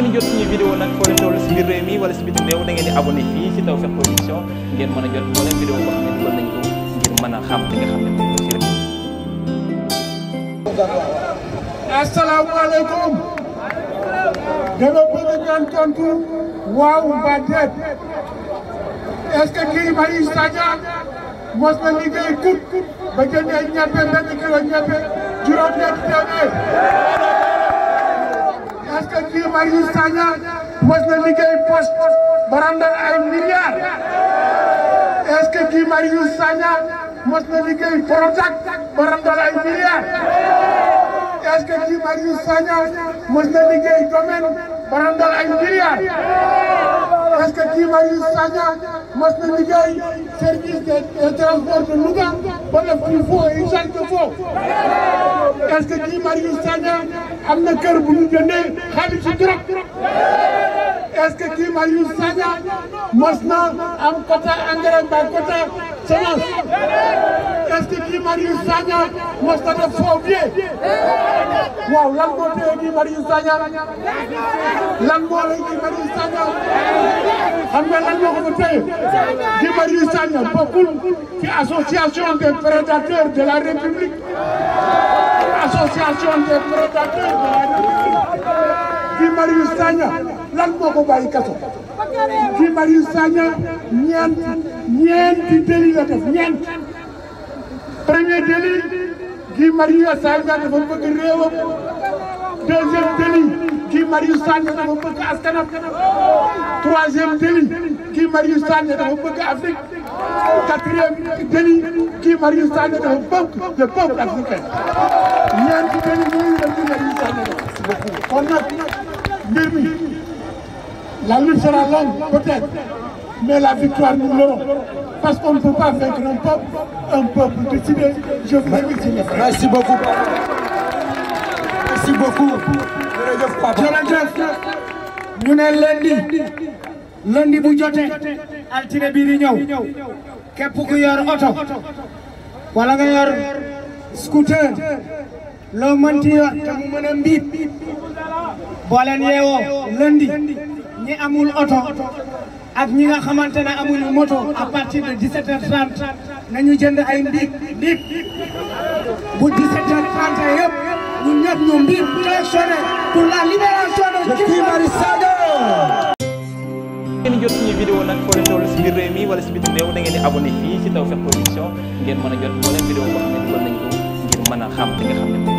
ngeen jot suñu vidéo nag foo leen toll si biir réew mi wala si biti réew da ngeen di abonné fii si Tawfekh Production ngeen mën a jot moo leen vidéo boo xam ne dugal nañ ko ngir mën a xam li nga xam ne moom la rek. asalaamaaleykum. dama bëgg ngeen tontu waaw ba déet est-ce que kii Marius Sagna mos na liggéey kut ba jëndee ñebe benn kilo ñebe juróom-ñetti téeméer Abdoulaye que Guy Marius Sagna mos na liggéey Prodac ba ay milliards est que Guy Marius Sagna mos na liggéey domaine ba ay milliards est que Guy Marius Sagna mos na liggéey service de transport de Louga ba def am na kër bu ñu jëndee xaalis si trop que kii Marius Sagna mos na am quota engrais mbaa quota semence est que kii Marius Sagna mos na def foo bie waaw kii Marius Sagna lan moo kii Marius Sagna xam nga lan moo kii Marius Sagna bokkul ci association des prédateurs de la République l'association des prédateurs de la République Guy Marius Sagna lan moo ko bàyyi kaso Guy Marius Sagna ñeent ñeenti délit la def ñeent premier délit Guy Marius Sagna dafa bëgg réewam deuxième délit Guy Marius Sagna dafa bëgg askanam troisième délit Guy Marius Sagna dafa bëgg Afrique bëgg le ñaan ci benn ñooñu dem di leen ñu kon nag mbir mi la lutte sera longue peut-être mais la victoire nous l'aurons parce qu'on ne peut pas vaincre un peuple un peuple décidé je vous remercie. merci beaucoup. merci beaucoup. jërëjëf papa jërëjëf. ñu ne lundi lundi bu jotee altine bii di ñëw képp ku yor oto wala nga yor scooter. loo mënti wax te mën a mbiib boo leen yeewoo lundi ñi amul oto ak ñi nga xamante ne amuñu moto a partir de 17h30 nañu jënd ay mbiib mbiib bu 17 la libération de Guy Marius Sagna ngeen jot suñu vidéo nag foo leen toll si biir réew mi wala si bitim réew da ngeen a jot moo leen vidéo boo xam ne dugal nañ ko ngir mën a xam li nga xam